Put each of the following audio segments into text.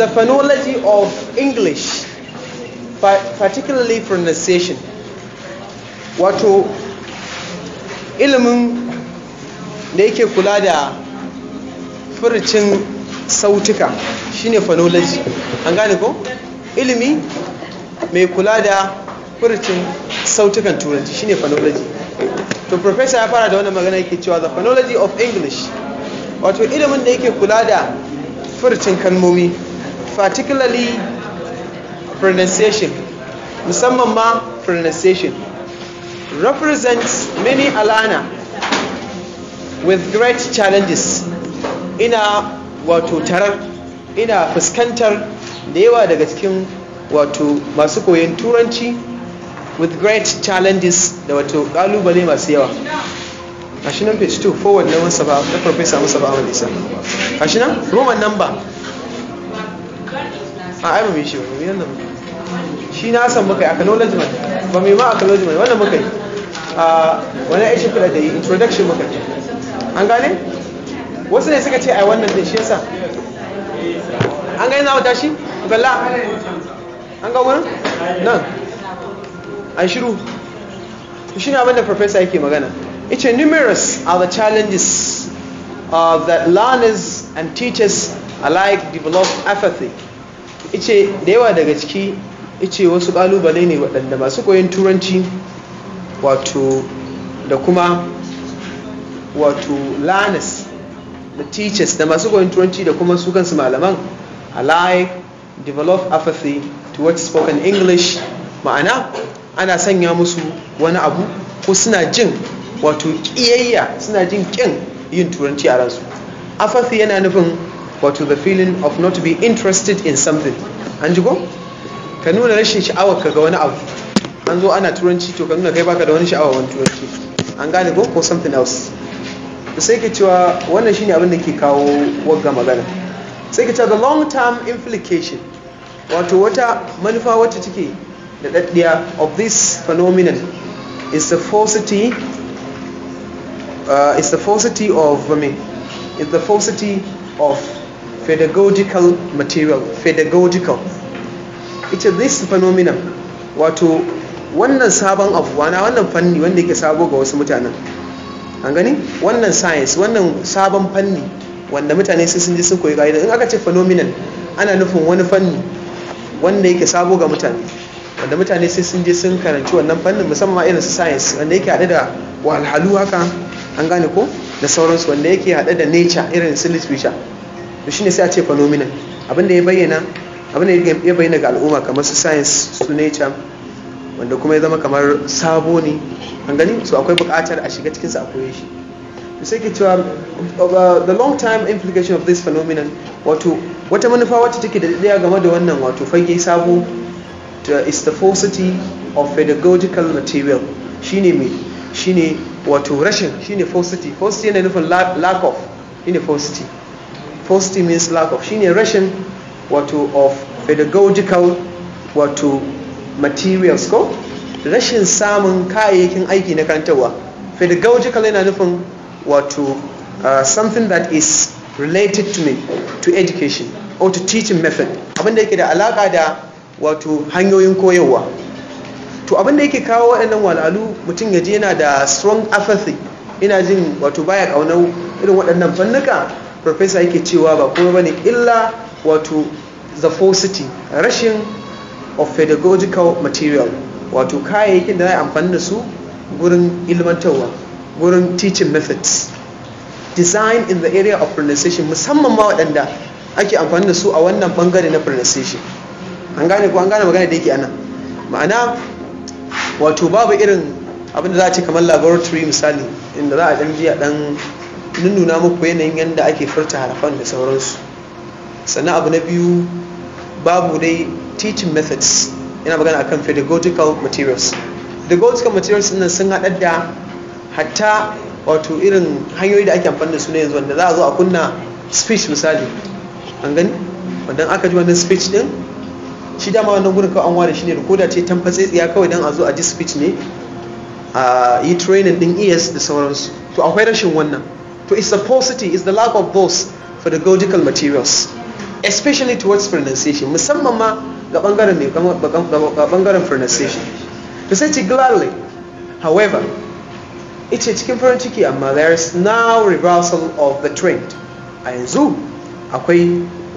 the phonology of English, particularly pronunciation. Wato, ilimin da yake kula da furcin sautuka shine phonology. An gane ko? Ilimi mai kula da furcin sautukan turanci shine phonology. To, Professor ya fara da wannan magana yake cewa the phonology of English. Wato, ilimin da yake kula da furcin kalmomi. particularly pronunciation musamman ma pronunciation represents many alana with great challenges ina wato tarar ina fuskantar da yawa daga cikin wato masu koyon turanci with great challenges da wato kalubale masu yawa shi nan page 2 forward na musa ba na professor musa ba isa shi nan roman number a ai shi ba mai nan shi na san muka yi acknowledgement ba mai ma acknowledgement wannan muka yi a wani ya shimfiɗa da yi introduction muka yi an gane wasu ne suka ce a wannan din shi yasa an gane na wata shi Bala. an ga wurin nan an shiru shi ne abinda professor yake magana It's numerous are the challenges uh, that learners and teachers alike develop apathy ice da yawa daga ciki ice wasu kalubale ne waɗanda masu koyon turanci wato da kuma wato learners da teachers da masu koyon turanci da kuma su kansu malaman alike develop apathy towards spoken english ma'ana ana sanya musu wani abu ko suna jin wato ƙiyayya suna jin ƙin yin turanci a ransu apathy yana nufin but to the feeling of not to be interested in something an ji ko ka nuna rashin sha'awar ka ga wani abu an zo ana turanci to ka nuna kai baka da wani sha'awa wani turanci an gane ko ko something else sai ke cewa wannan shine abin da ke kawo wagga magana sai ke cewa the long term implication wato wata manufa wacce take da daddiya of this phenomenon is the falsity uh, is the falsity of I mean, is the falsity of pedagogical material pedagogical ita this phenomenon wato wannan sabon abu wana wannan fanni wanda yake sabo ga wasu mutanen an gani wannan science wannan sabon fanni wanda mutane sai sun ji sun koyi ga'ida in aka ce phenomenon ana nufin wani fanni wanda yake sabo ga mutane wanda mutane sai sun je sun karanci wannan fannin musamman irin su science wanda yake haɗe da wahalhalu haka an gane ko da sauransu wanda yake haɗe da nature irin su literature shi ne sai a ce phenomenon abinda ya bayyana abinda ya bayyana ga al'umma kamar su science su nature wanda kuma ya zama kamar sabo ne an gani su akwai buƙatar a shiga cikinsa a koye shi to sai ke cewa uh, the long time implication of this phenomenon wato wata manufa wacce take da daɗaya game da wannan wato fage sabo is the falsity of pedagogical material shine mai shine wato rashin shine falsity falsity yana nufin lack of shine falsity paucity means lack of shine rashin wato of pedagogical wato materials ko rashin samun kayayyakin aiki na karantarwa pedagogical yana nufin wato uh, something that is related to me to education or to teaching method abinda yake da alaka da wato hanyoyin koyarwa to abinda yake kawo waɗannan wal'alu mutum ya je yana da strong apathy ina jin wato baya ƙaunar irin waɗannan fannuka professor yake cewa ba kuma bane illa wato the falsity rashin of pedagogical material wato kayayyakin da za a amfani da su gurin ilmantarwa gurin teaching methods design in the area of pronunciation musamman ma waɗanda ake amfani da su a wannan bangare na pronunciation an gane ko an gane magana da yake anan ma'ana wato babu irin abinda za a ce kamar laboratory misali inda za a ɗan ɗan nuna muku yanayin yadda ake furta harafan da sauransu sannan abu na biyu babu dai teaching methods yana magana akan pedagogical materials pedagogical materials nan sun haɗar da hatta wato irin hanyoyi da ake amfani da su na yanzu wanda za a zo a kunna speech misali an gani wadda aka ji wannan speech din shi dama wannan gudun kawai an ware shi ne rikoda ce tamfatse tsiya kawai don a zo a ji speech ne a yi training din es da sauransu to akwai rashin wannan to its supposity is the lack of those for the godical materials especially towards pronunciation musamman ma ga bangaren ne ga bangaren pronunciation to say ci gladly however it is cikin farin ciki amma there is now reversal of the trend a yanzu akwai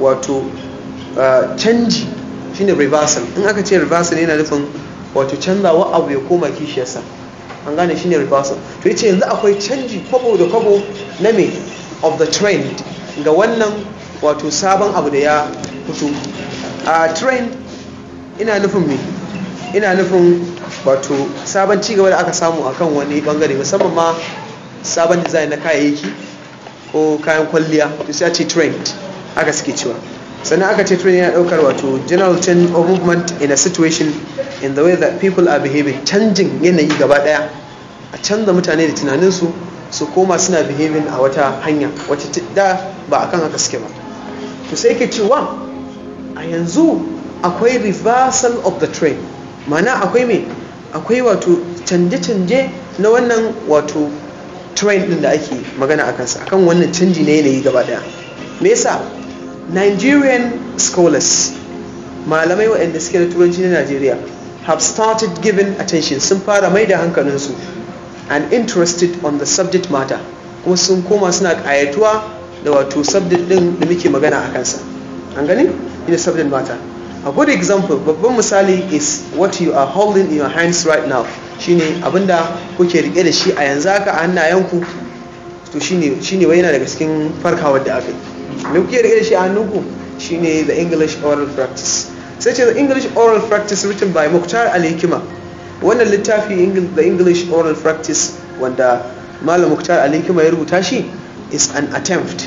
wato uh, canji shine reversal in aka ce reversal yana nufin wato canzawa abu ya koma kishiyarsa an gane shine reversal to yace yanzu akwai canji kwabo da kwabo na me of the trend ga wannan wato sabon abu da ya fito a trend ina nufin me ina nufin wato sabon cigaba da aka samu akan wani bangare musamman ma sabon design na kayayyaki ko kayan kwalliya to sai a ce trend aka suke cewa sannan aka ce training yana daukar wato general change of movement in a situation in the way that people are behaving canjin yanayi gaba daya a canza mutane da tunaninsu su koma suna behaving a wata hanya wata da ba kan haka suke ba to sai ke cewa a yanzu akwai reversal of the train mana akwai me akwai wato canje-canje na wannan wato train din da ake magana a kansa akan wannan canji na yanayi gaba daya me yasa Nigerian scholars malamai waɗanda suke da turanci na Najeriya have started giving attention sun fara mai da hankalinsu and interested on the subject matter kuma sun koma suna ƙayatuwa da wato subject ɗin da muke magana a kansa an gani ina subject matter a good example babban misali is what you are holding in your hands right now abin da kuke rike da shi a yanzu haka a hannayenku to shine shine wai yana daga cikin farkawar da aka yi me kuke shi a nuku shine the english oral practice sai ce the english oral practice written by muktar al-hikima wannan littafi the english oral practice wanda malam muktar al-hikima ya rubuta shi is an attempt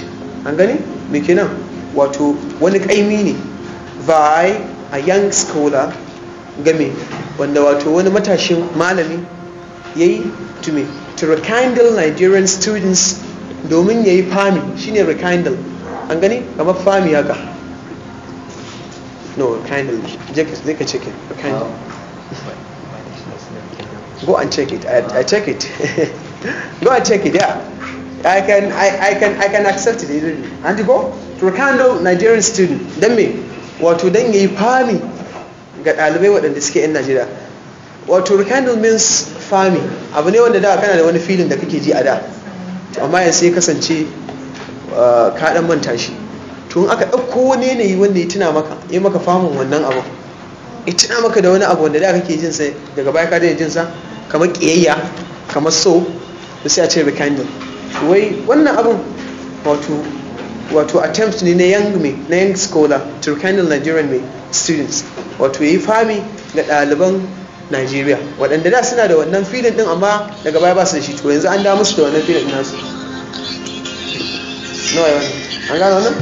an gani muke nan. wato wani kaimi ne by a young scholar game wanda wato wani matashin malami yi to me to rekindle nigerian students domin ya yi fami shine rekindle an gani kamar fami haka no kindly zai ka check it go and check it i, I check it go and check it yeah i can i, I can i can accept it easily and go to Rikando nigerian student don me wato don yi fami ga ɗalibai waɗanda suke 'yan najeriya wato rekindle means fami abu ne wanda da kana da wani filin da kake ji a da amma yanzu ya kasance Ah, ka dan manta shi to in aka ɗauko wani yanayi wanda ya tuna maka ya maka famun wannan abu ya tuna maka da wani abu wanda da kake jin sa daga baya ka daina jin sa kamar kiyayya kamar so da sai a ce rekindle wai wannan abun wato wato attempt ne na young me na young scholar to rekindle Nigerian me students wato yayi fami ga ɗaliban Najeriya waɗanda da suna da wannan filin din amma daga baya ba su da shi to yanzu an da musu da wannan filin nasu nawa wani, an gano nan?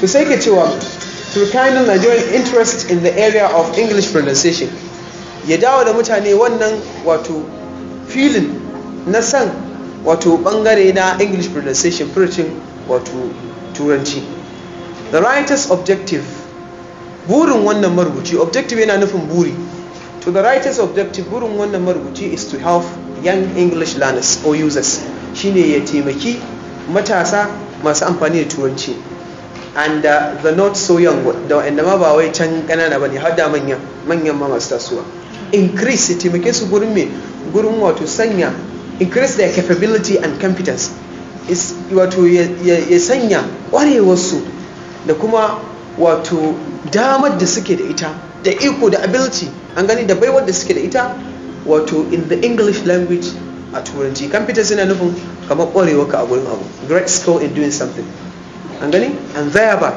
to sai ke cewa to kind of Nigerian interest in the area of English pronunciation ya dawo da mutane wannan wato filin na san wato bangare na English pronunciation furucin wato turanci the writer's objective burin wannan marubuci objective yana nufin buri to the writer's objective burin wannan marubuci is to help young english learners or users shine ya taimaki matasa masu amfani da turanci and uh, the not so young da wa'anda ma ba wai can kanana bane har da manyan manyan ma masu tasowa increase ya taimake su gurin me gurin wato sanya increase their capability and competence wato ya sanya kwarewarsu da kuma wato damar da suke da ita da iko da ability an gani da baiwar da suke da ita wato in the english language a turanci competence yana nufin kamar ƙwarewarka a gurin abu great skill in doing something an gani and thereby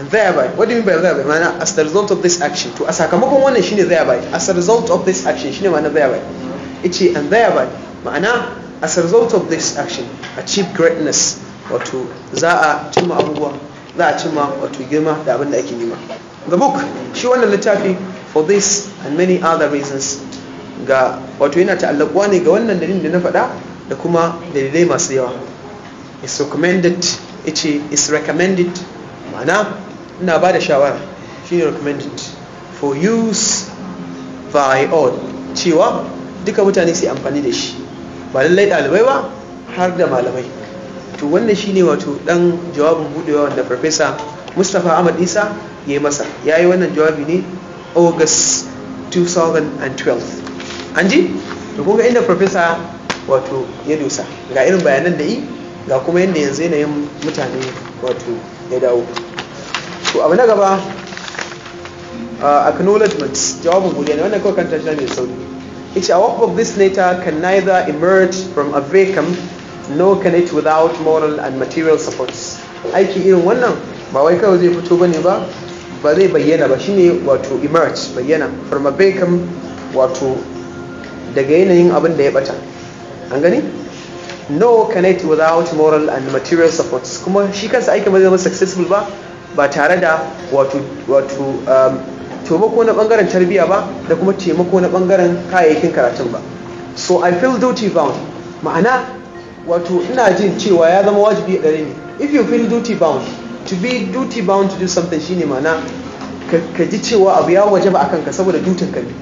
and thereby what do you mean by thereby mana as the result of this action to a sakamakon wannan shine thereby as a result of this action shine ma'ana thereby ice and thereby ma'ana as a result of this action achieve greatness wato za a cimma abubuwa za a cimma wato girma da abin da ake nema the book shi wannan littafi for this and many other reasons ga wato yana ta'allakuwa ne ga wannan dalilin da na faɗa da kuma dalilai masu yawa is recommended ice is recommended ma'ana ina ba da shawara shine recommended for use by all cewa duka mutane su amfani da shi ba lallai ɗalibai ba har da malamai to wannan shine wato dan jawabin budewa wanda farfesa mustapha ahmad isa ya yi masa ya yi wannan jawabi ne august 2012 an ji to kuma inda profesa wato ya dosa ga irin bayanan da yi ga kuma yadda yanzu yanayin mutane wato ya dawo to abu na gaba acknowledgement jawabin godiya ne wannan kawai kanta shi mai sauri it's a work of this nature can neither emerge from a vacuum nor can it without moral and material supports aiki irin wannan ba wai kawai zai fito bane ba ba zai bayyana ba shine wato emerge bayyana from a vacuum wato daga yanayin abin da ya bata an gani no connect without moral and material support kuma shi kansa aikin ba zai zama successful ba ba tare da wato wato um, taimako na bangaren tarbiyya ba da kuma taimako na bangaren kayayyakin karatun ba so i feel duty bound ma'ana wato ina jin cewa ya zama wajibi a gare ni if you feel duty bound to be duty bound to do something shine ma'ana ka ji cewa abu ya waje ba akan ka saboda dutin ka ne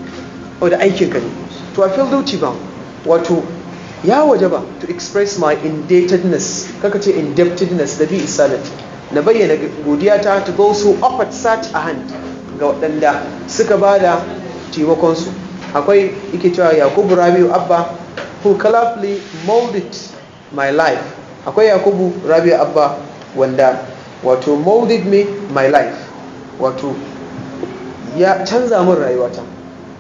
saboda aikin ka ne to I feel guilty ba wato ya waje ba to express my indebtedness kaka ce indebtedness da bi isalat na bayyana godiya ta to go so offered such a hand ga waɗanda suka ba da su. akwai yake cewa yakubu rabiu abba who colorfully molded my life akwai yakubu rabiu abba wanda wato molded me my life wato ya canza min rayuwata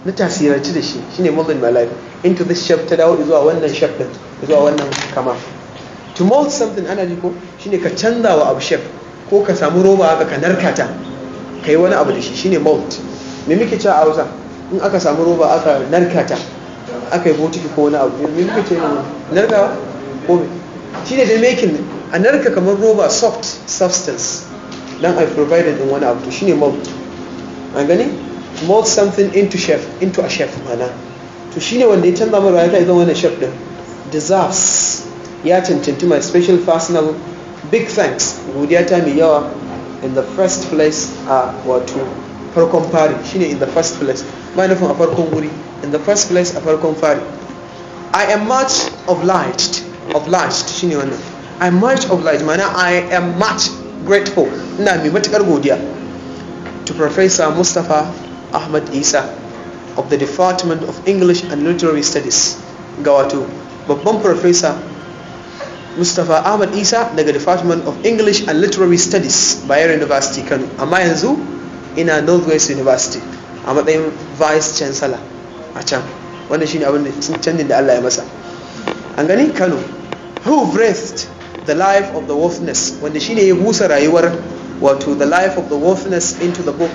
na tasiranci da shi shine modern my life into this shape ta dawo zuwa wannan shape din zuwa wannan kama to mold something ana ji ko shine ka canza wa abu shape ko ka samu roba haka ka narkata ka yi wani abu da shi shine mold me muke cewa a Hausa in aka samu roba aka narkata aka yi botiki ko wani abu me muke cewa narkawa ko me shine da making a narka kamar roba soft substance dan i provided in wani abu to shine mold an gani mold something into chef into a chef mana to shine wanda ya canza mara rayuwa idan wannan chef din deserves ya cancanci my special personal big thanks godiya ta mai yawa in the first place a wato farkon fari shine in the first place ba nufin a farkon wuri in the first place a farkon fari i am much obliged obliged shine wannan i am much obliged mana i am much grateful ina mai matukar godiya to professor mustapha Ahmad Isa of the Department of English and Literary Studies Gawatu babban Professor Mustafa Ahmad Isa the Department of English and Literary Studies Bayero University Kano amma yanzu ina Northwest University a matsayin Vice Chancellor a can wannan shine abin da canjin da Allah ya masa an gani Kano who breathed the life of the worthless wanda shine ya busa rayuwar wato the life of the worthless into the book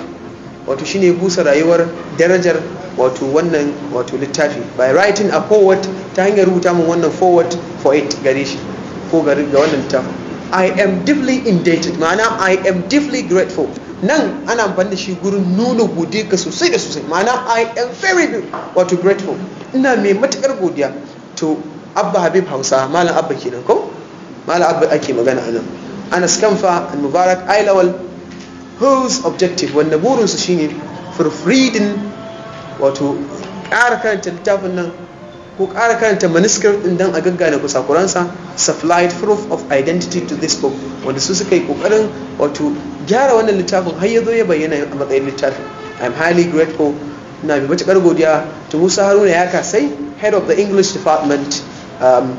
wato shine busa rayuwar darajar wato wannan wato littafi by writing a forward ta hanyar rubuta min wannan forward for it gare shi ko ga wannan littafin i am deeply indebted ma'ana i am deeply grateful nan ana amfani da shi gurin nuna godiya ka sosai da sosai ma'ana i am very wato grateful ina mai matukar godiya to abba habib hausa malam abba kenan ko malam abba ake magana anan anas kamfa al-mubarak ailawal whose objective wanda burinsu shine freedom wato ƙara karanta littafin nan ko ƙara karanta manuscript din dan a gaggane kusakuransa supplied proof of identity to this book wanda su suka yi ƙoƙarin wato gyara wannan littafin har ya ya bayyana a matsayin littafin am highly grateful na bi matuƙar godiya to musa haruna ya kasai head of the english department um,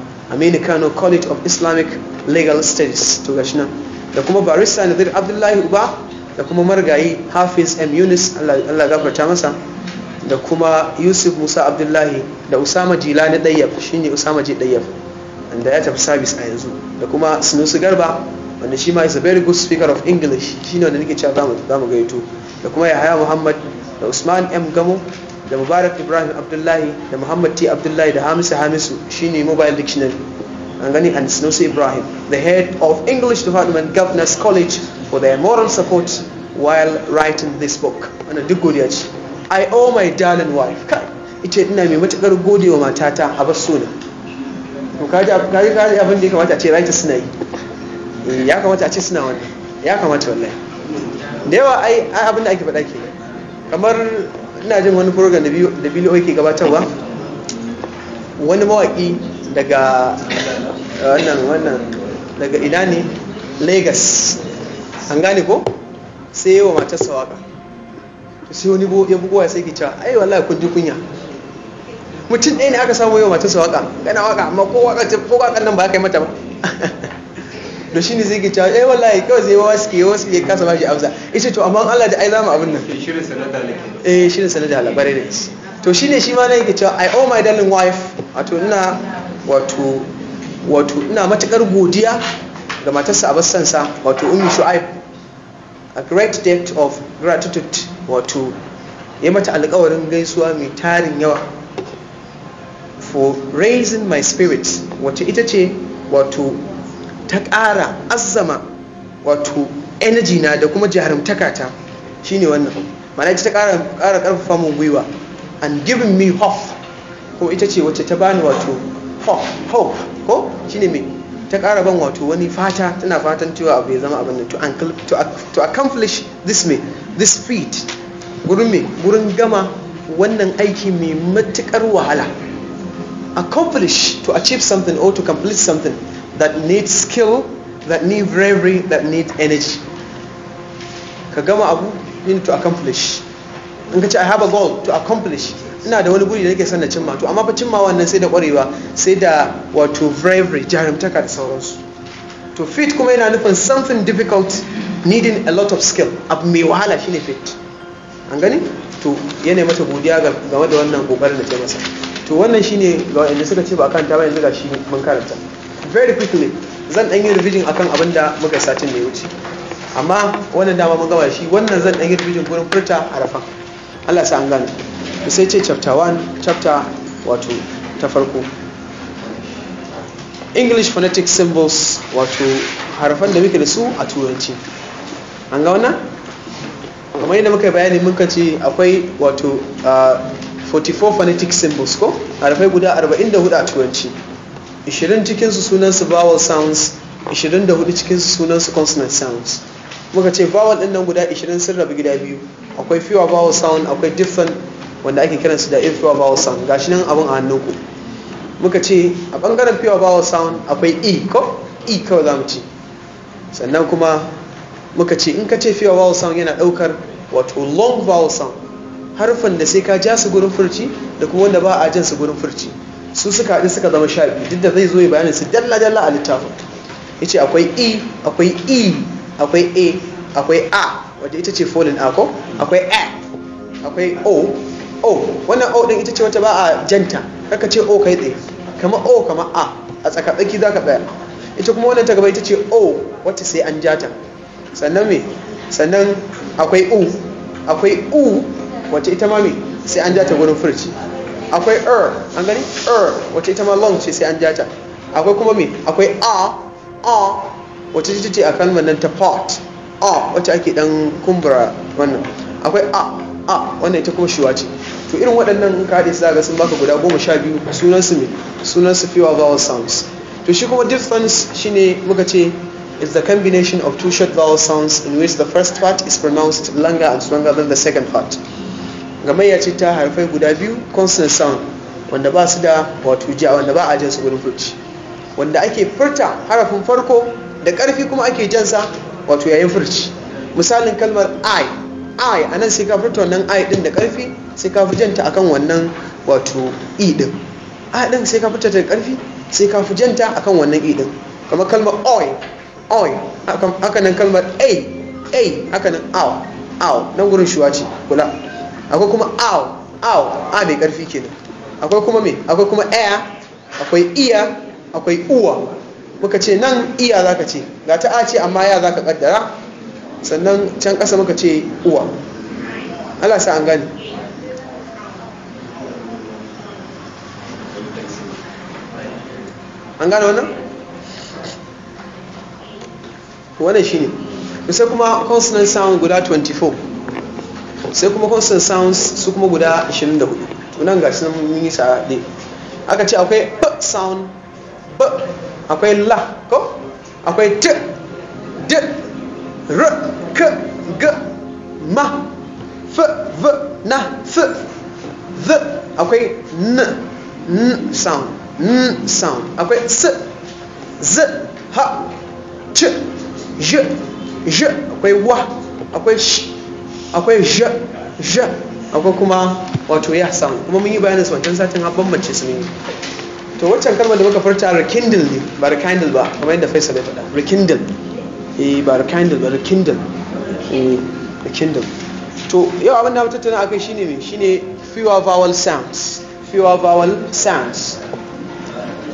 Kano college of islamic legal studies to gashi nan da kuma barista nadir abdullahi uba da kuma margayi hafiz m yunis allah gafarta masa da kuma yusuf musa abdullahi da usama jilani ɗayyaf shine usama ji dayyaf da ya tafi sabis a yanzu da kuma sinusu garba wanda shi ma is a very good speaker of english shine wanda nake cewa za mu gaito da kuma yahaya muhammad da usman m gamo da mubarak ibrahim abdullahi da muhammad t abdullahi da hamisu hamisu shine mobile dictionary an gani and sinusu ibrahim the head of english department governors college for their moral support while writing this book wannan duk godiya ce i owe my darling wife kai ita ina mai matukar godewa matata a bar suna. ne to kaji kaji abin da ya kamata a ce writer suna yi eh, ya kamata a ce suna wannan ya kamata wallahi da yawa ai abin da ake faɗa ke kamar ina jin wani program da biyu ke gabatarwa wani mawaƙi daga wannan wannan daga ina ne lagos an gane ko sai yi wa matarsa sawaka sai wani ya bugowa sai ki cewa ai wallahi kun ji kunya mutum ɗaya ne aka samu wa matarsa sawaka gana waka amma ko waka ce ko waka nan ba aka yi mata ba da shi ne zai gica eh wallahi kawai zai wa suke wasu ya kasa ba shi amsa ita to amma Allah da ai za mu abin nan eh shirin sanada labarai ne to shine shi ma nake cewa i owe oh, my darling wife wato ina wato wato ina matakar godiya ga matarsa a bassansa wato ummi shu'aib a great debt of gratitude wato ya mata alkawarin gaisuwa mai tarin yawa for raising my spirits wato ita ce wato ta ƙara azama wato energy na da kuma jarumtaka ta shine wannan mana ita ta ƙara ƙarfafa mun gwiwa and giving me hope ko ita ce wacce ta bani wato hope hope ko shine mai ta ƙara ban wato wani fata tana fatan cewa abu ya zama abin da to accomplish this me this feat gurin me gurin gama wannan aiki mai matuƙar wahala accomplish to achieve something or to complete something that needs skill that need bravery that need energy ka gama abu you to accomplish in ka ce i have a goal to accomplish ina da wani guri da nake son na cimma to amma fa cimma wannan sai da kwarewa sai da wato bravery jarumtaka da sauransu to fit kuma yana nufin something difficult needing a lot of skill abu mai wahala shine fit an gani to yana mata godiya game da wannan kokarin da ta masa to wannan shine ga wanda suka ce ba kan ta ba yanzu gashi mun karanta very quickly zan dan yi revision akan abin da muka satin da ya wuce amma wannan dama mun gama shi wannan zan dan yi revision gurin furta rafan. Allah sa an gane sai ce chapter 1 chapter wato ta farko english phonetic symbols wato harafan da muke da su a turanci an ga wannan kamar yadda muka bayani muka ce akwai wato 44 phonetic symbols ko harafai guda 44 a turanci 20 cikinsu sunansu vowel sounds 24 cikinsu sunansu consonant sounds muka ce vowel din nan guda 20 sun rabu gida biyu akwai fewer vowel sound akwai different wanda ake kiransu da if pure vowel sound gashi nan abin a hannunku muka ce a bangaren pure vowel sound akwai e ko e kawai za mu ci sannan kuma muka ce in ka ce pure vowel sound yana daukar wato long vowel sound harfan da sai ka ja su gurin furci da kuma wanda ba a jan su gurin furci su suka haɗu suka zama sha biyu duk da zai zo ya bayanin su dalla dalla a littafin ya ce akwai e akwai e akwai a akwai a wadda ita ce folin a ko akwai a akwai o o wannan o din ita ce wata ba a janta kaka ce o kai tsaye kama o kama a a tsakatsaki za ka tsaya ita kuma wannan ta gaba ita ce o wacce sai an jata sannan me sannan akwai u akwai u wacce ita ma me sai an jata gurin furci akwai R an gani R wacce ita ma long ce sai an jata akwai kuma me akwai a a wacce ita ce a kalmar nan ta part a wacce ake dan kumbura wannan akwai a a wannan ita kuma shiwa ce to irin waɗannan haɗe za ga sun baka guda goma sha biyu su ne su fewa vowel sounds to shi kuma difference shine muka ce is the combination of two short vowel sounds in which the first part is pronounced longer and stronger than the second part ya ce ta harfai guda biyu consonant sound wanda ba su da wato wanda ba a jinsu gurin furci wanda ake furta harafin farko da ƙarfi kuma ake jansa wato yayin furci misalin kalmar i a nan sai ka furta wannan i din da karfi sai ka fi janta akan wannan wato i e din ai din sai ka furta da karfi sai ka fi janta akan wannan i e din kamar kalmar oi oi haka nan kalmar a a haka nan au au nan gurin shuwa ce kula akwai kuma au au a mai karfi kenan akwai kuma me akwai kuma aya akwai iya akwai uwa muka ce nan iya zaka ce ga ta a ce amma ya zaka kaddara sannan can ƙasa muka ce uwa ala sa an gani an gane wannan? wannan shi ne sai kuma consonant sound guda 24 sai kuma consonant sounds su kuma guda 24 tunan ga sun yi sa dai aka ce akwai b sound b akwai la ko akwai t d r k g m, f v na s z akwai n n sound n sound akwai s z ha c j j akwai wa akwai sh akwai j j akwai kuma wato ya sound kuma mun yi bayanin su wancan satin har bambance su ne to waccan kalmar da muka furta rekindle ne ba rekindle ba kamar yadda faisal ya faɗa rekindle eh ba da kindle ba da kindle eh, da kindle to yau abin da tattauna akai shine me shine fewer vowel sounds fewer vowel sounds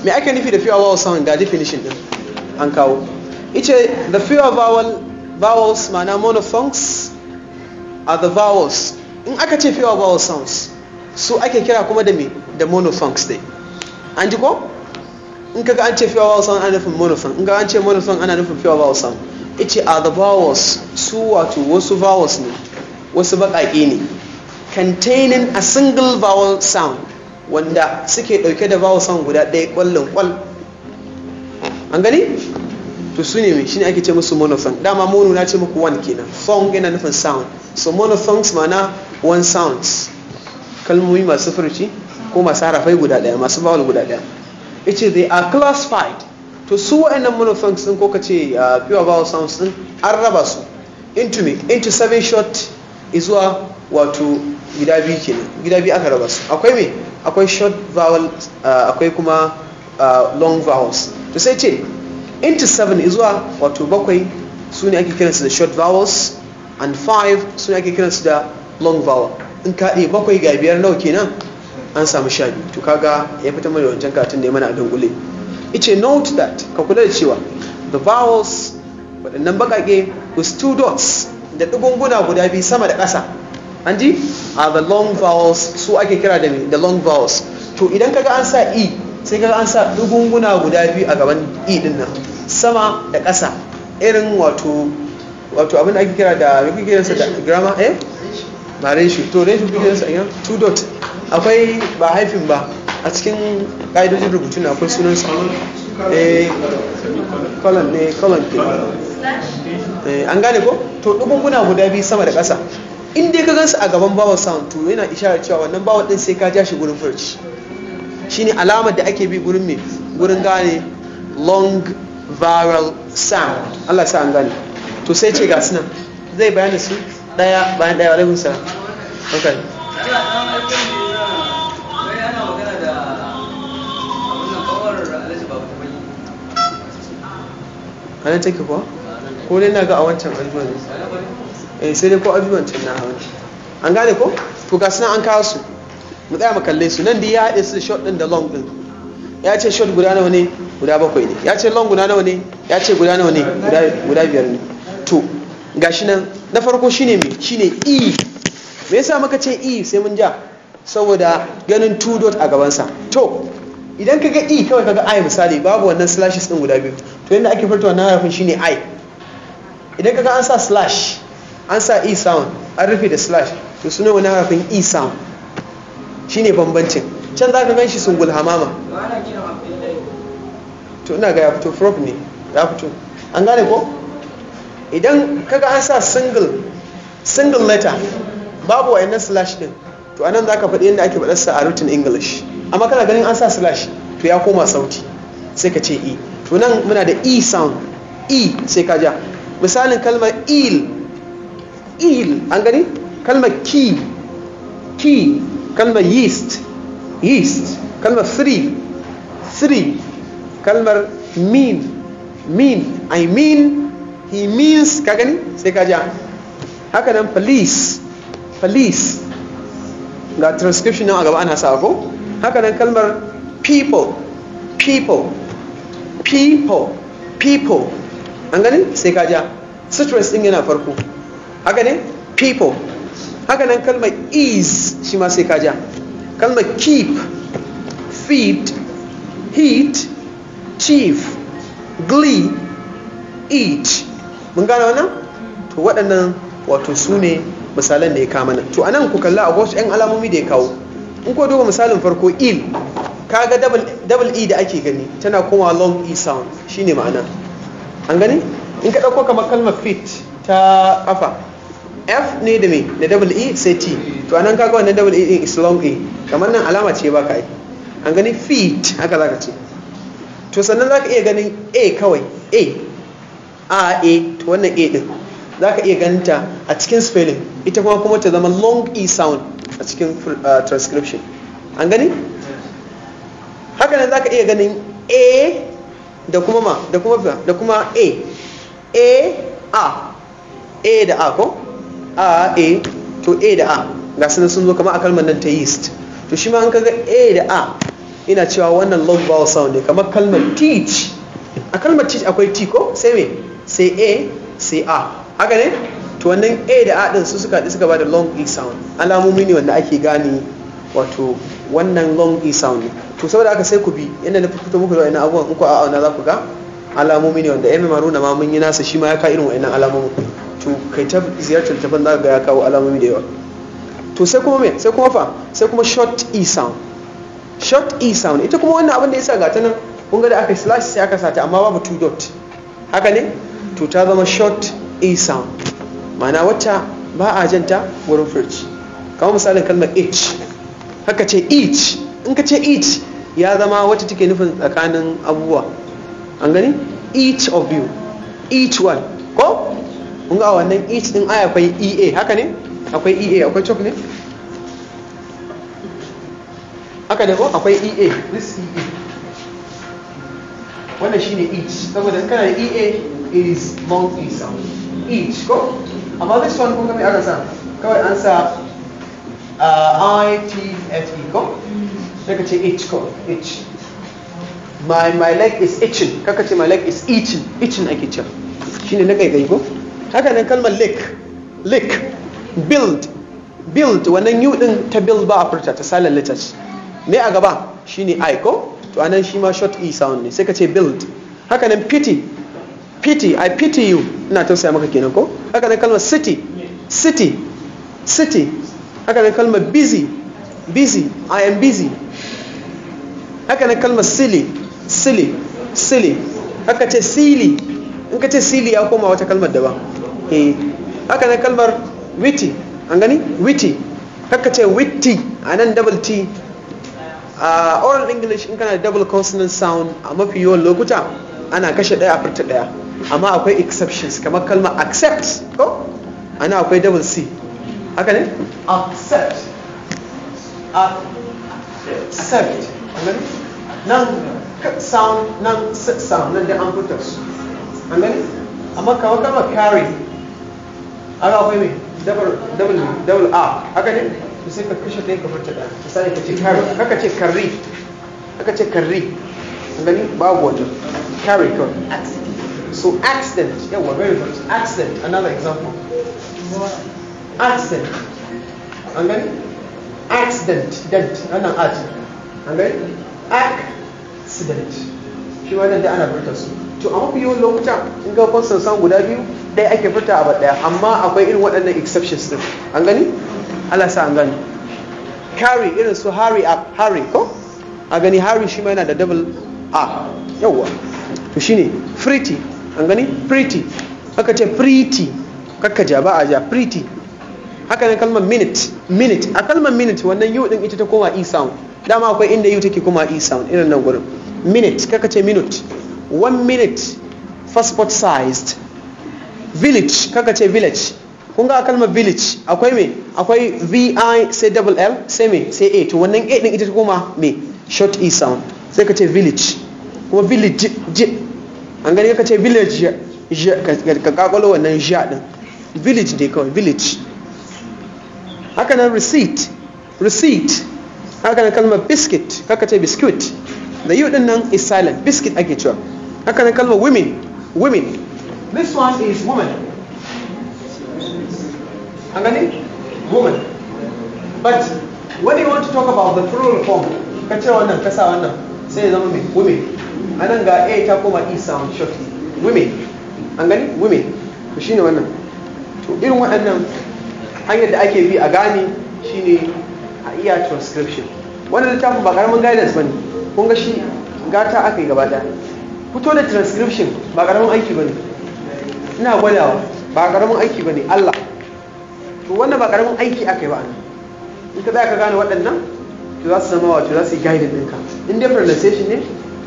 me ake nufi da fewer vowel sounds ga definition din an kawo ita the fewer vowel vowels mana monophones are the vowels in aka ce fewer vowel sounds su ake kira kuma da me da monophones dai an ji ko in kaga an ce fewer vowel sounds ana nufin monophone in kaga an ce monophone ana nufin fewer vowel sounds ice are the vowels su wato wasu vowels ne wasu baƙaƙe ne containing a single vowel sound wanda suke ɗauke da vowel sound guda ɗaya ƙwallon ƙwal an gani to su ne shi ne ake ce musu monophone dama mono na ce muku one kenan song yana nufin sound so monophones mana one sounds kalmomi masu furci ko masu harafai guda ɗaya masu vowel guda ɗaya ita they are classified to su wa'annan monophonics din ko ka ce uh, pure vowel sounds din an raba su into me into seven short zuwa wato gida biyu kenan gida biyu aka raba su akwai me akwai short vowel uh, akwai kuma uh, long vowels to sai ce into seven zuwa wato bakwai su ne ake kiransu da short vowels and five su ne ake kiransu da long vowel in ka ɗaya bakwai ga biyar nawa kenan an samu sha biyu to kaga ya fitar mana wancan katin da ya mana a dangule ice note that ka kula da cewa the vowels waɗannan baƙaƙe with two dots da ɗugunguna guda biyu sama da ƙasa an ji are the long vowels su ake kira da me the long vowels to idan kaga an sa e sai kaga an sa ɗugunguna guda biyu a gaban e din nan sama da ƙasa irin wato wato abin da ake kira da me kuke da grammar eh ba reshu to reshu kuke kiransa eh? two dot akwai ba haifin ba a cikin ƙa'idojin rubutu na akwai sunan su a eh, colon ne colon ke eh, an gane ko to guna guda biyu sama da ƙasa in dai ka gansu a gaban bawon sound to yana isharar cewa wannan bawon din sai ka ja shi gurin furci shine alamar da ake bi gurin me gurin gane long viral sound Allah sa an gane to sai ce ga sunan zai bayani su daya bayan daya alaikun salam okay a nan take kuwa ko dai na ga a wancan ajuwan eh sai dai ko ajuwan can na hawa an gane ko to ga sunan an kawo su mu tsaya mu kalle su nan dai ya haɗe su da shot ɗin da long ɗin ya ce shot guda nawa ne guda bakwai ne ya ce long guda nawa ne ya ce guda nawa ne guda biyar ne to gashi nan na farko shine me shine e me yasa muka ce e sai mun ja saboda ganin two dot a gabansa to idan ka ga e kawai ka ga i misali babu wannan slashes din guda biyu to yadda ake furta wannan harafin shine i idan ka ga an sa slash an sa e sound an rufe da slash to suna wani harafin e sound shine bambancin can za ka gan shi sungul hamama to ina ga ya fito frog ne ya fito an gane ko idan kaga an sa single single letter babu wa'annan slash din to anan za ka faɗi yadda ake faɗarsa a written english amma kana ganin an sa slash to ya koma sauti sai ka ce e to nan muna da e sound e sai ka ja misalin kalmar il il an gani kalmar ki ki kalmar yeast yeast kalmar three three kalmar mean mean i mean he means ka gani sai ka ja haka nan police police ga transcription nan a gaba ana sa ko haka nan kalmar people people people people an gani sai ka ja stress din yana farko haka ne people haka nan kalmar is shi ma sai ka ja kalmar keep feed heat chief glee eat mun gane wannan to waɗannan wato su ne misalan da ya kama nan to anan ku kalla a wasu 'yan alamomi da ya kawo in ko duba misalin farko il kaga double e da ake gani tana kuma long e sound shine ma'ana an gani in ka ɗauko kamar kalmar fit ta kafa f ne da me da double e sai t to anan kaga wannan double e din is long e kamar nan alama ce baka yi an gani feet haka zaka ce to sannan zaka iya ganin a kawai a a a to wannan a din za ka iya ganta a cikin spelling ita kuma kuma ta zama long e sound a cikin uh, transcription an gani hakanan za ka iya ganin a da kuma ma da kuma da kuma a a a a da a ko a a to a da a ga sun sun zo kama a kalmar nan ta yeast to shi ma an kaga a da a ina cewa wannan long vowel sound ne kamar kalmar teach a kalmar teach akwai t ko sai me sai a sai a haka ne to wannan a da a din su suka suka da long e sound alamomi ne wanda ake gane wato wannan long e sound ne to saboda aka sai ku bi yanda na fito muku da wannan abubuwan ku a auna za ku ga alamomi ne wanda MM Haruna ma mun yi nasa shi ma ya ka irin wannan alamomi, to kai ta ziyartar tafan za ga ya kawo alamomi da yawa to sai kuma me sai kuma fa sai kuma short e sound short e sound ita kuma wannan abin da yasa ga ta nan kun ga da aka slash sai aka sata amma babu two dot haka ne to ta zama short a sound wacce ba a janta wurin firci kawo misalin kalmar h haka ce each in ka ce each ya zama wacce take nufin tsakanin abubuwa an gani each of you each one ko kun ga wannan each din ai akwai ea haka ne akwai ea akwai chop ne haka ne ko akwai ea this ea wannan shine each saboda kana ea e is Mount e sound each Go. amma this one kun ga me sa kawai an i t f e Go. sai ka ce each ko each my my leg is itching kaka ce my leg is itching itching ake cewa shine na kai ko haka nan kalmar lick lick build build wannan yu din ta build ba a furta ta silent letters ne a gaba shine i ko to anan shi ma short e sound ne sai ka ce build haka nan pity pity i pity you ina sai maka kenan ko haka nan kalmar city city city haka nan kalmar busy busy i am busy haka nan kalmar silly silly silly haka ce silly in ka ce silly ya koma wata kalmar daban eh haka nan kalmar witty an gani witty haka ce witty a nan double t a ah, oral english in kana double consonant sound a mafi yawan lokuta ana kashe daya a furta daya amma akwai exceptions kamar kalmar accept ko ana akwai double c haka ne accept accept nan sound nan sound nan da an furta su an gani amma kamar kalmar carry ana akwai mai double double a haka ne to sai ka kashe ɗaya ka furta ɗaya sai ka ce carry haka ce carry haka ce carry gani babu wajen carry accident so accident we're very good accident another example accident an gani accident dent wannan art an gani accident shi wannan da ana furta su to a mafi yawan lokuta in ga kwansan san guda biyu dai ake furta a baɗaya. amma akwai irin waɗannan exceptions din an gani Allah sa an gani carry irin su hurry up hurry ko a gani hurry shi ma yana da double a yawwa to shine pretty an gani pretty aka ce pretty kakka ja ba a ja pretty haka ne kalmar minute minute a kalmar minute wannan yu din ita ta koma e sound dama akwai inda yu take koma e sound irin nan gurin minute kakka ce minute one minute passport sized village kakka ce village kun ga kalmar village akwai me akwai vi sai double l sai me sai a to wannan a din ita ta koma me short e sound sai ka ce village kuma village an gani ka ce village ka kakalo wannan ja din village ne kawai village haka nan receipt receipt haka nan kalmar biscuit kaka ce biscuit the u din nan is silent biscuit ake cewa haka nan kalmar women women this one is woman an gani woman but when you want to talk about the plural form ka ce wannan kasa wannan sai ya zama women a nan ga a ta koma e sound shot, women an gani women to shine wannan to irin waɗannan hanyar da ake bi a gane shine a iya transcription wannan littafin ba karamin guidance bane kun ga shi gata aka yi gaba ɗaya fito da transcription ba karamin aiki bane ina gwadawa ba karamin aiki bane Allah to wannan ba karamin aiki aka yi ba nan in ka za ka gane waɗannan to za su zama wato za su yi guidance ɗinka in dai pronunciation ne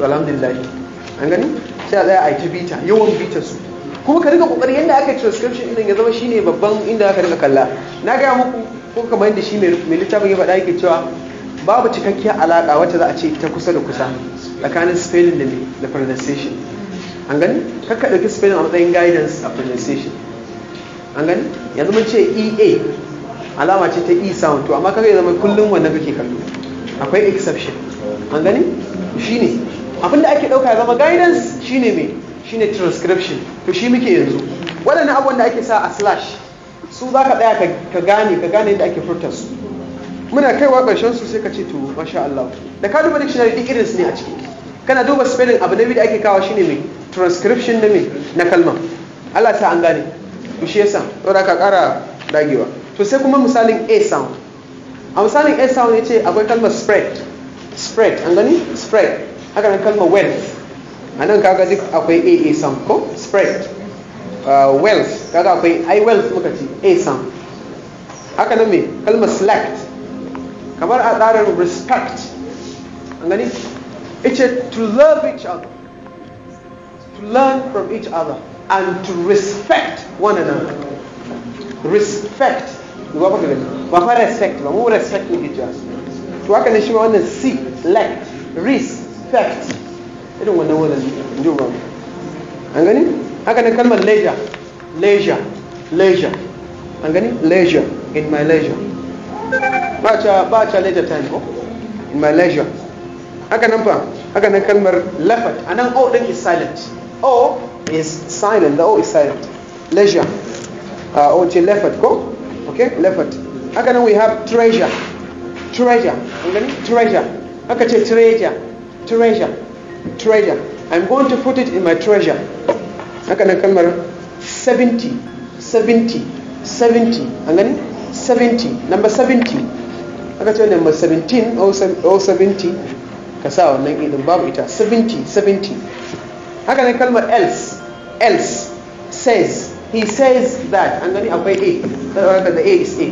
to alhamdulillah an gani sai a tsaya a ta bita yawan bita su kuma ka riga kokari yadda aka ci subscription din ya zama shine babban inda aka rika kalla na gaya muku ko kamar yadda shi mai littafin ya faɗa yake cewa babu cikakkiyar alaƙa wacce za a ce ta kusa da kusa tsakanin spelling da da pronunciation an gani kakka ɗauki spelling a matsayin guidance a pronunciation an gani yanzu mun ce ea alama ce ta e sound to amma kaga ya zama kullum wannan kake kallo akwai exception an gani shine abinda ake ɗauka zama guidance shine mai shine transcription to shi muke yanzu waɗannan abubuwan da ake sa a slash su za ka ɗaya ka gane ka gane yadda ake furta su muna kaiwa ƙarshen su sai ka ce to masha Allah da ka duba dictionary duk su ne a ciki kana duba spelling abu na biyu da ake kawo shine mai transcription na mai na kalma Allah sa an gane to shi yasa to da ka ƙara dagewa to sai kuma misalin a sound a misalin a sound yace akwai kalmar spread spread an gani spread haka nan kalmar wealth a nan kaga duk akwai A. sam ko spread uh, wealth kaga akwai i wealth muka ci a sam haka nan me kalmar select kamar a tsarin respect an gani ita to love each other to learn from each other and to respect one another respect ba fa respect ba mu respect ne ke to haka ne shi ma wannan select risk theft irin wannan wannan jin ruwan an gani haka nan kalmar leisure leisure leisure an gani leisure in my leisure ba uh, ta leisure time ko oh. in my leisure haka nan fa haka nan kalmar leopard? a nan o din is silent o oh, is silent the o oh is silent leisure uh, o ce lafat ko okay leopard. haka nan we have treasure treasure an gani treasure haka ce treasure treasure treasure i'm going to put it in my treasure haka nan kalmar 70 70 70 an gani 70 number 70 aka ce number 17 or 70 ka sa wannan idin babu ita 70 70 haka nan kalmar else else says he says that an gani akwai a the a is a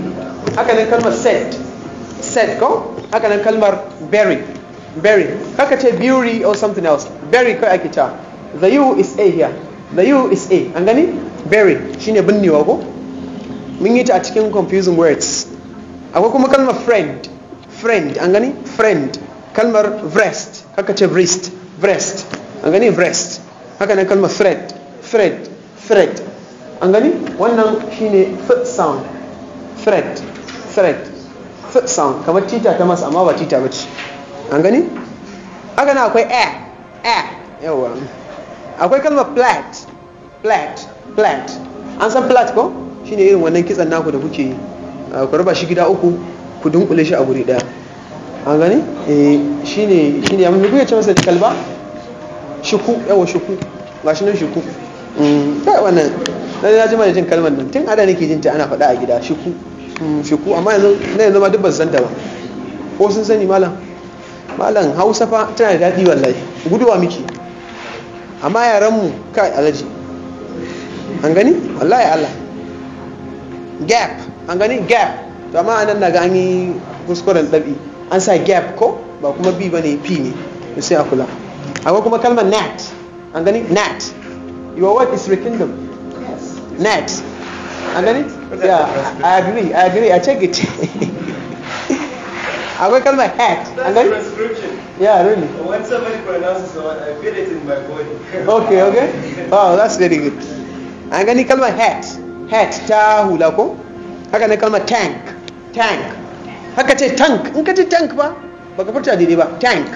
haka nan Set. said said ko haka nan kalmar buried berry kaka ce beauty or something else berry kai ake ta the u is a here the u is a an gani berry shine binnewa ko mun yi ta a cikin confusing words akwai kuma kalmar friend friend an gani friend kalmar breast kaka ce breast breast an gani breast haka nan kalmar thread thread thread an gani wannan shine foot sound thread thread foot sound kamar tita ta masa amma ba tita ba ce an gani aka na akwai a a yawa akwai kalmar plat plat plat an san plat ko shine irin wannan kitsan naku da kuke ah, ku raba shi gida uku ku dunkule shi a guri daya an gani eh shine shine ya me kuke ce masa kalba shuku yawa shuku shi nan shuku mm, kai wannan na yi jima da jin kalmar nan tun ada nake jin ta ana faɗa a gida shuku mm, shuku amma yanzu na yanzu ma duk ban san ta ba ko sun sani malam malam hausa fa tana da daɗi wallahi guduwa miki amma yaranmu kai alaji an gani wallahi allah gap an gani gap to amma anan daga an yi kuskuren ɗabi an sa gap ko ba kuma b ba ne p ne sai a kula akwai kuma kalmar net an gani net your word is rekindled yes. net an gani yeah i agree i agree i check it I'm going to cut my hat. That's then, prescription. Yeah, really. When somebody pronounces the word, I feel it in my body. okay, okay. Wow, oh, that's very good. I'm going to call my hat. Hat, ta hula ko. I call my tank. Tank. How Haka ce tank. In ka ce tank ba, baka furta di ba. Tank.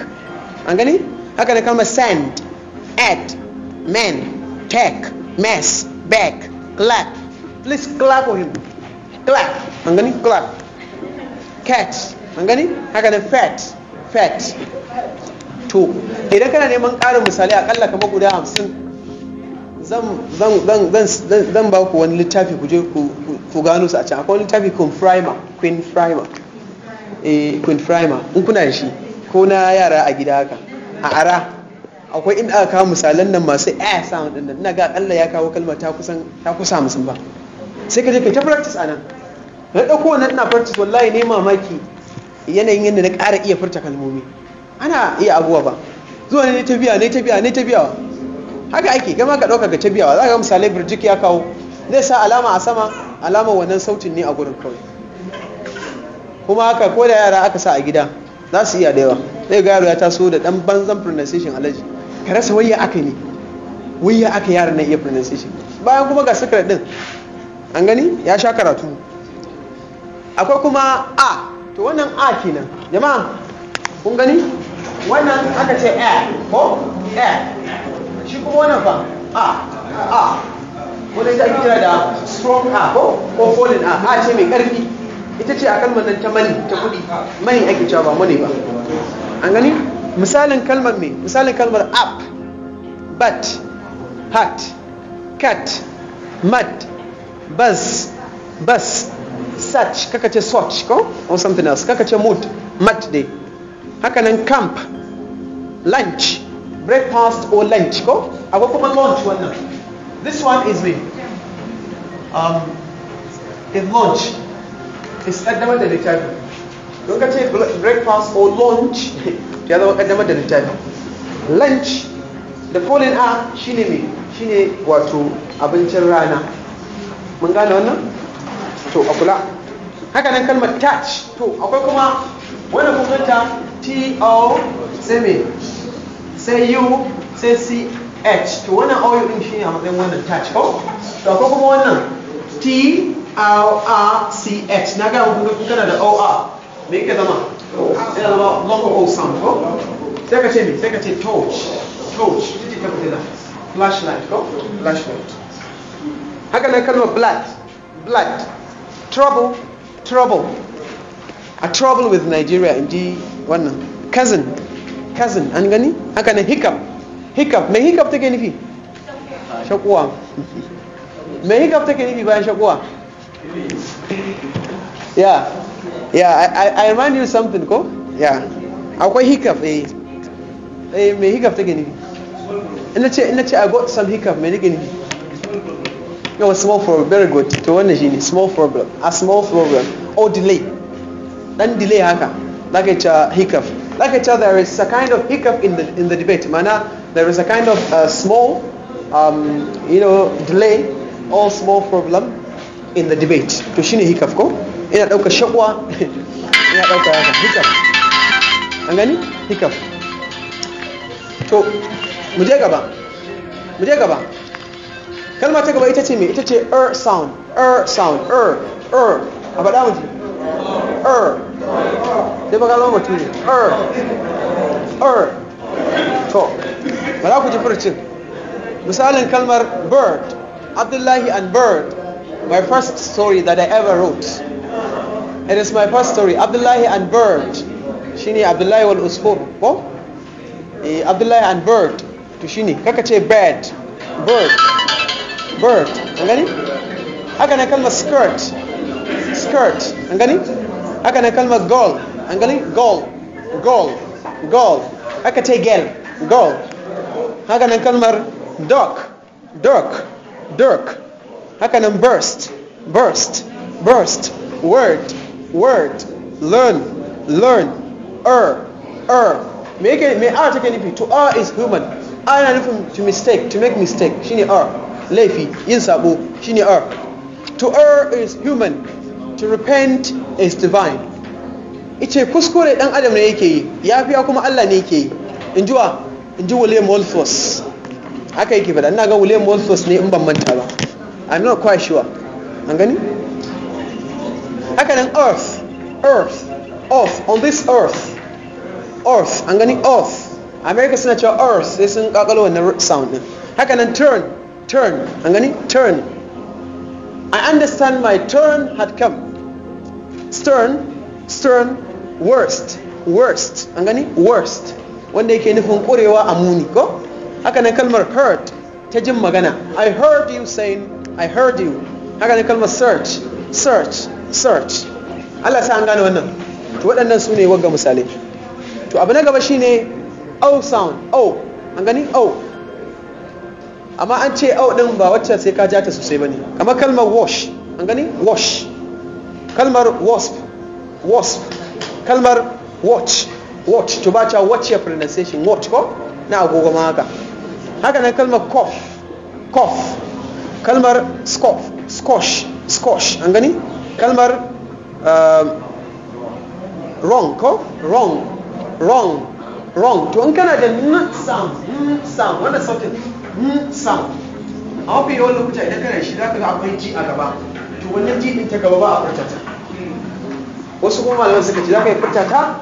An gani? I call my sand. At. Man. Tech. Mess. Back. Clap. Please clap for him. Clap. An gani? Clap. Catch. an gani haka nan fat fat to idan kana neman ƙarin misali akalla kamar guda hamsin zan ba ku wani littafi ku je ku gano su a can akwai littafi queen primer queen primer eh queen primer in kuna da shi ko na yara a gida haka a ara akwai inda aka kawo misalan nan masu a sound din nan ina ga akalla ya kawo kalma ta kusan ta kusa musun ba sai ka je ka ta practice anan na dauko nan ina practice wallahi ne mamaki yanayin yadda na ƙara iya furta kalmomi ana iya abuwa ba zuwa ne ta tabiya ne tabiya ne tabiyawa haka ake gama ka ɗauka ga tabiyawa za ka misalai birjik ya kawo zai sa alama a sama alama wannan sautin ne a gurin kawai kuma haka ko da yara aka sa a gida za su iya da yawa zai ga yaro ya taso da ɗan banzan pronunciation alaji ka rasa wayya aka ne wayya aka yaran na iya pronunciation bayan kuma ga sukar din an gani ya sha karatu akwai kuma a to wannan a kenan jama'a kun gani wannan aka ce a ko a shi kuma wannan fa a a wanda ita ake kira da strong a ko ko falling a a ce mai karfi ita ce a kalmar nan ta mani ta kudi mani ake cewa ba mani ba an gani misalin kalmar me misalin kalmar up but hat cat mud bas, bus search kaka ce search ko or something else kaka ce mood mat day haka nan camp lunch breakfast or lunch ko akwai kuma lunch wannan this one is me um, in lunch is kaddamar da littafi don ka ce breakfast or lunch ya zama kaddamar da littafi lunch da following up shine me shine wato abincin rana mun gane wannan to a kula haka nan kalmar touch to akwai kuma wanda kukunta to sai me sai u sai ch to wannan oil din ne a matsayin wannan touch ko to akwai kuma wannan t r c h na ga muku kana da or me yake zama yana zama long o sound ko sai ka ce me sai ka ce torch torch ji ka fita flashlight ko flashlight haka nan kalmar blood blood trouble trouble a trouble with nigeria in ji wannan cousin cousin an gani haka nan hiccup hiccup mai hiccup take nufi shakuwa mai hiccup take nufi bayan shakuwa yeah yeah I, I, I remind you something ko yeah akwai hiccup eh eh mai hiccup take nufi ina ce ina ce i got some hiccup mai take nufi no small problem very good to energy, small problem a small problem or delay Then delay haka Like a hiccup Like a there is a kind of hiccup in the in the debate mana there is a kind of uh, small um, you know delay or small problem in the debate to shini hiccup ko ina dauka shakwa ina dauka haka hiccup Angani hiccup to mu ba? gaba ba? kalma ta gaba ita ce mai ita ce er sound er sound er er a faɗa mu ji er sai ba kalma mutum ne er er to ba za ku ji furcin misalin kalmar bird abdullahi and bird my first story that i ever wrote it is my first story abdullahi and bird shine abdullahi wal usfur ko eh abdullahi and bird to shine kaka ce bird bird How can I call kalmar skirt skirt an gani girl? na Girl. goal an I goal goal goal haka How gel goal call na duck? Duck. Duck. How can I burst burst burst word word learn learn er er Make it, me a take nufi to er is human ana nufin to mistake to make mistake shine er laifi yin sabo shine err to err is human to repent is divine ice kuskure dan adam ne yake yi yafiya kuma Allah ne yake yi in ji wa in ji William Wolfos haka yake faɗa ina ga William Wolfos ne in ban manta ba I'm not quite sure an gani haka nan earth earth earth on this earth earth an gani earth America suna cewa earth sai sun kakalo wannan sound din haka nan turn turn an gani turn i understand my turn had come stern stern worst worst an gani worst wanda yake nufin kurewa a muni ko haka na kalmar hurt ta jin magana i heard you saying i heard you haka na kalmar search search search Allah sa an gane wannan to waɗannan su ne wagga misalai to abu na gaba shine o oh sound o oh. an gani o oh. amma an ce au din ba wacce sai ka ja ta sosai bane kamar kalmar wash an gani wash kalmar wasp wasp kalmar watch watch to ba ta watch your pronunciation watch ko na agogo ma haka haka nan kalmar cough cough kalmar scoff squash squash an gani kalmar um, wrong ko wrong wrong wrong to in kana da n sound n sound wanda sautin sam a mafi yawan lokuta idan kana shi za ka ga akwai ji a gaba to wannan ji ɗin ta gaba ba a furtata wasu kuma malaman suka ce za ka yi furtata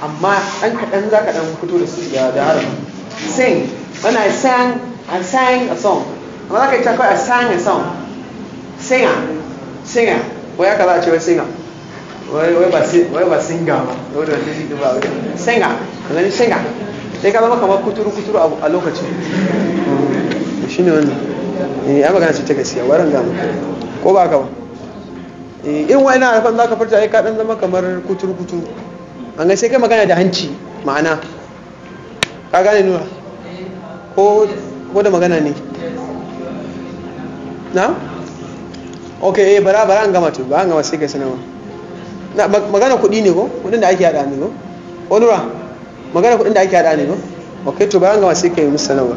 amma ɗan kaɗan za ka ɗan fito da su da harafin sing when I sang I sang a song amma za ka yi ta kawai I sang a song Singa, singa, wai aka za a ce wai singa? wai ba singa ba wai da wani ba singa. ka gani singa. sai ka zama kamar kuturu kuturu a lokacin shine wani eh ya magana ce ta gaskiya waran ga maka ko ba ka ba eh irin wani harfan zaka furta ai ka dan zama kamar kutur kutur an ga sai kai magana da hanci ma'ana ka gane nuna ko ko da magana ne na ok eh bara bara an gama to ba an gama sai kai sanarwa na magana kuɗi ne ko kuɗin da ake haɗa ne ko ko nura magana kuɗin da ake haɗa ne ko ok to ba an gama sai ka yi musu sanawa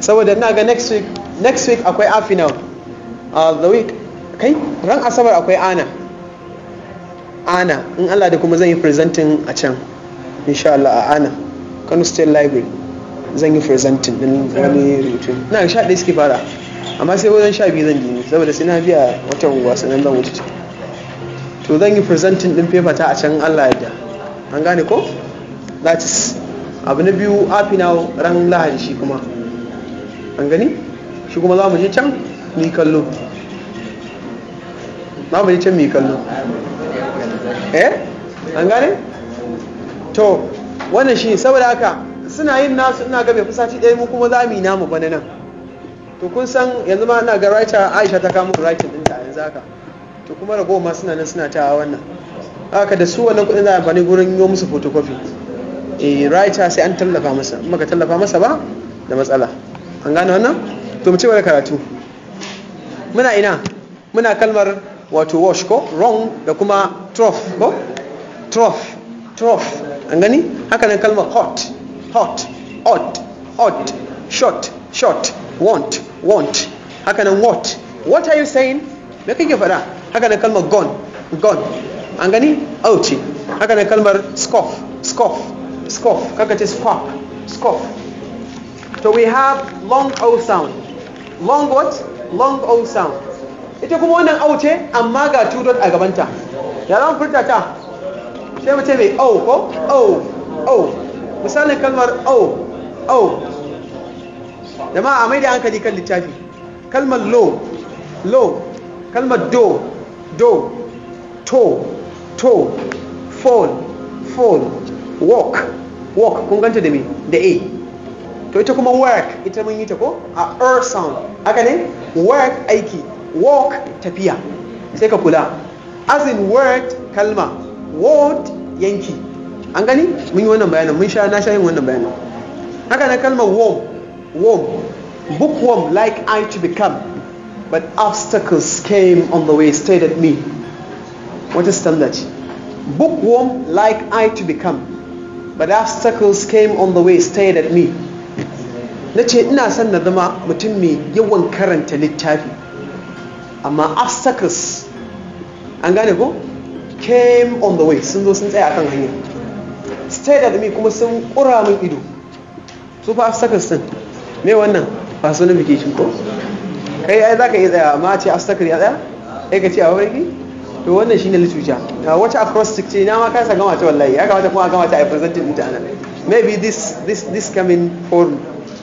saboda na ga next week next week akwai afinal a uh, the week kai ran asabar akwai ana ana in allah da kuma zan yi presenting a can insha allah a ana kano state library zan yi presenting din wani rubutu na sha ɗaya suke fara amma sai wajen sha biyu zan je saboda sai na biya wata unguwa sannan zan wuce to zan yi presenting din paper ta a can allah yadda an gane ko that is abu na biyu afinaw ran lahadi shi kuma an gani shi kuma za mu je can mai kallo za mu je can mai kallo eh an gane to wannan shi saboda haka suna yin nasu ina ga mai fusaci ɗaya mu kuma za mu yi namu bane nan to kun san yanzu ma ina ga writer Aisha ta kama writing ɗinta a yanzu haka to kuma ragowar ma suna nan suna ta wannan haka da su wannan kuɗin za a amfani gurin yi musu photocopy eh writer sai an tallafa masa in ka tallafa masa ba da matsala an gano wannan to mu ci da karatu muna ina muna kalmar wato wash ko wrong da kuma trough ko trough trough an gani haka nan kalmar hot hot hot hot short short want want haka nan what what are you saying me kake faɗa haka nan kalmar gone gone an gani auci haka nan kalmar scoff scoff scoff kaka ce scoff scoff So we have long O sound. Long what? Long O sound. Ita kuma wannan O ce amma ga two dot a gabanta. Ya zama furta ta? Sai mace mai O ko? O. O. Misalin kalmar O. O. Jama'a a mai da hankali kan littafi. Kalmar lo. Lo. Kalmar do. Do. To. To. Fall. Fall. Walk. Walk. Kun ganta da me? Da A. kinaitwa kama work itamwinyita ko a er sound haka ne work aiki walk tafiya sai ka kula as in word kalma word yanki an gani mun yi wannan bayanin mun sha na sha yin wannan bayanin haka na kalmar warm warm bookworm like I to become but obstacles came on the way stayed at me what is standard bookworm like I to become but obstacles came on the way stayed at me na ce ina son na zama mutum mai yawan karanta littafi amma obstacles an gane ko came on the way sun zo sun tsaya akan hanya stayed at me kuma sun kura min ido su fa obstacles din me wannan na personification ko kai ai zaka iya tsaya amma ce obstacle ya tsaya ai ka ce a wurin to wannan shine lituja a wacce acrostic ce na ma sa gama ta wallahi ya kamata kuma a gama ta a presenting mutane maybe this this this coming forum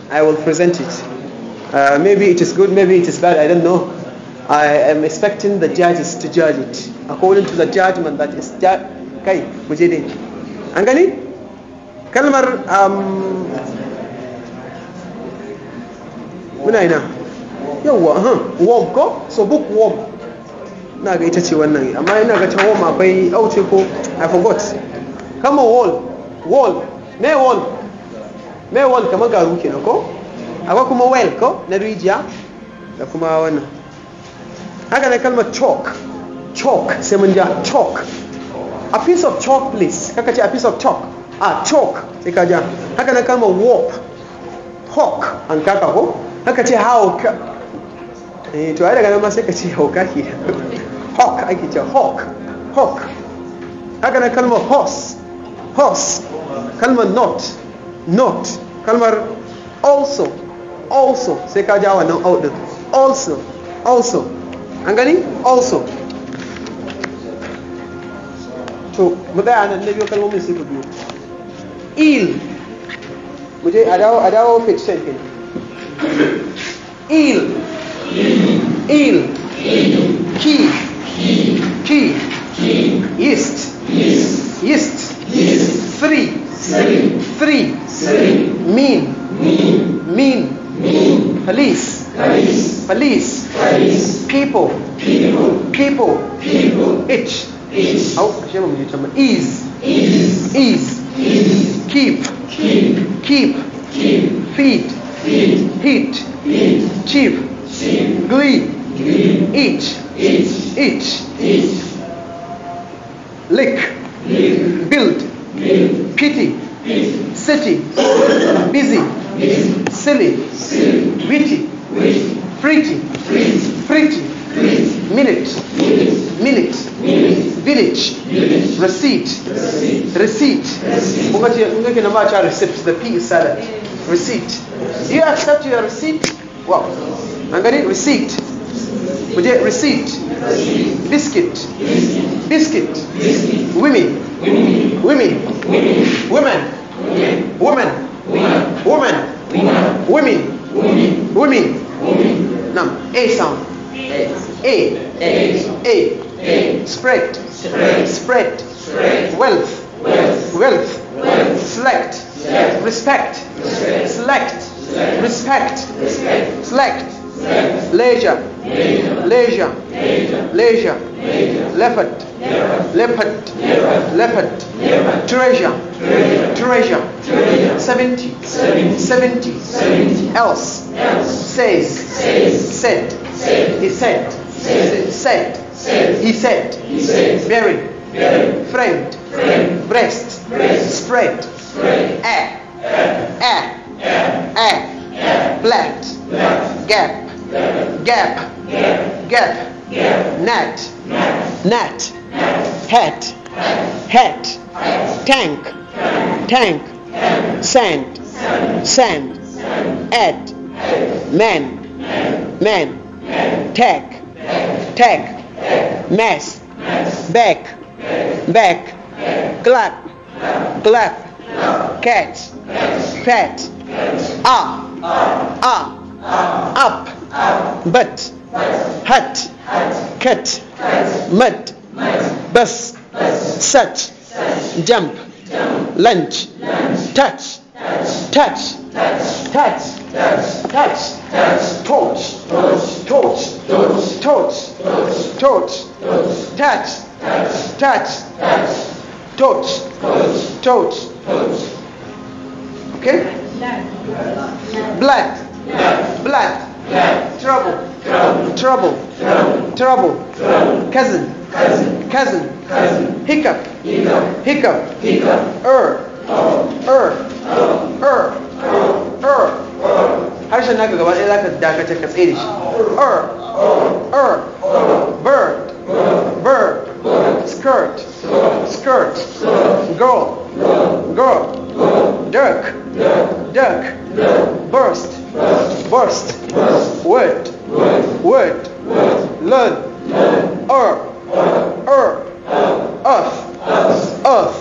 I will present it. Uh, maybe it is good, maybe it is bad, I don't know. I am expecting the judges to judge it according to the judgment that is judged. Kai, muje dai. Kalmar um, muna ina. huh? Walk go? So book walk. Na ga ita ce wannan, amma ina ga ta home akwai ko I forgot. Come on, wall, wall, me wall. mai wal kamar garu kenan ko akwai kuma well ko na rijiya da kuma wannan haka na kalmar chalk chalk sai mun ja chalk a piece of chalk please kaka ce a piece of chalk a ah, chalk sai ka ja haka na kalmar warp hawk an kaka ko haka ce hawk eh to ai daga nan ma sai ka ce hawk ake hawk ake ce hawk hawk haka na kalmar horse horse kalmar not not kalmar also also sai ka ja wannan out din also also an gani also to mu tsaya nan na biyo kalmomin sai ku biyo il mu je a dawo a dawo page 10 kenan il il ki ki Yeast. yeast yeast three Three. mean Mean. police police police police people people people people itch oh, ease ease keep keep keep keep feet feet heat heat cheap cheap glee glee Each. Each. lick lick build Pity. City. Busy. Silly. Witty. Pretty. Pretty. Minute. Minute. Village. Receipt. Receipt. Receipt. Receipt. Receipt. Ungeke na bacha receipt. The P is silent. Receipt. Do you accept your receipt? Wow. Angani receipt. Receipt. Receipt. Biscuit. Biscuit. women women women women women women women now a sound a a spread spread wealth wealth select respect select respect select leisure leisure leisure leopard leopard leopard treasure treasure 70 70 else says said he said said he said berry friend breast spread air air air plant gap gap, gap, net, net, hat, hat, tank, tank, sand, sand, at, man, man, tech, tech, mess, back, back, clap, clap, cat, pet, ah. Ah. up, up, up بت هت كت مد بس سج جمب لنج تاتش touch, touch, touch, touch, torch, torch, torch, torch, touch, touch, torch, torch. Okay? Blood, blood, blood. Trouble. Trouble. Trouble. trouble, Cousin. Cousin. cousin, cousin, Hiccup. Hiccup. Hiccup. Er. Oh. Er. Oh. Er. Oh. Er. Harshen naka gaba ɗaya za ka dakace ka tsaye da shi. Er. Er. Bird. Bird. Skirt. Skirt. Girl. Girl. Duck. Duck. Burst. Burst. Word. Word. Learn. Er. Er. Earth. Earth.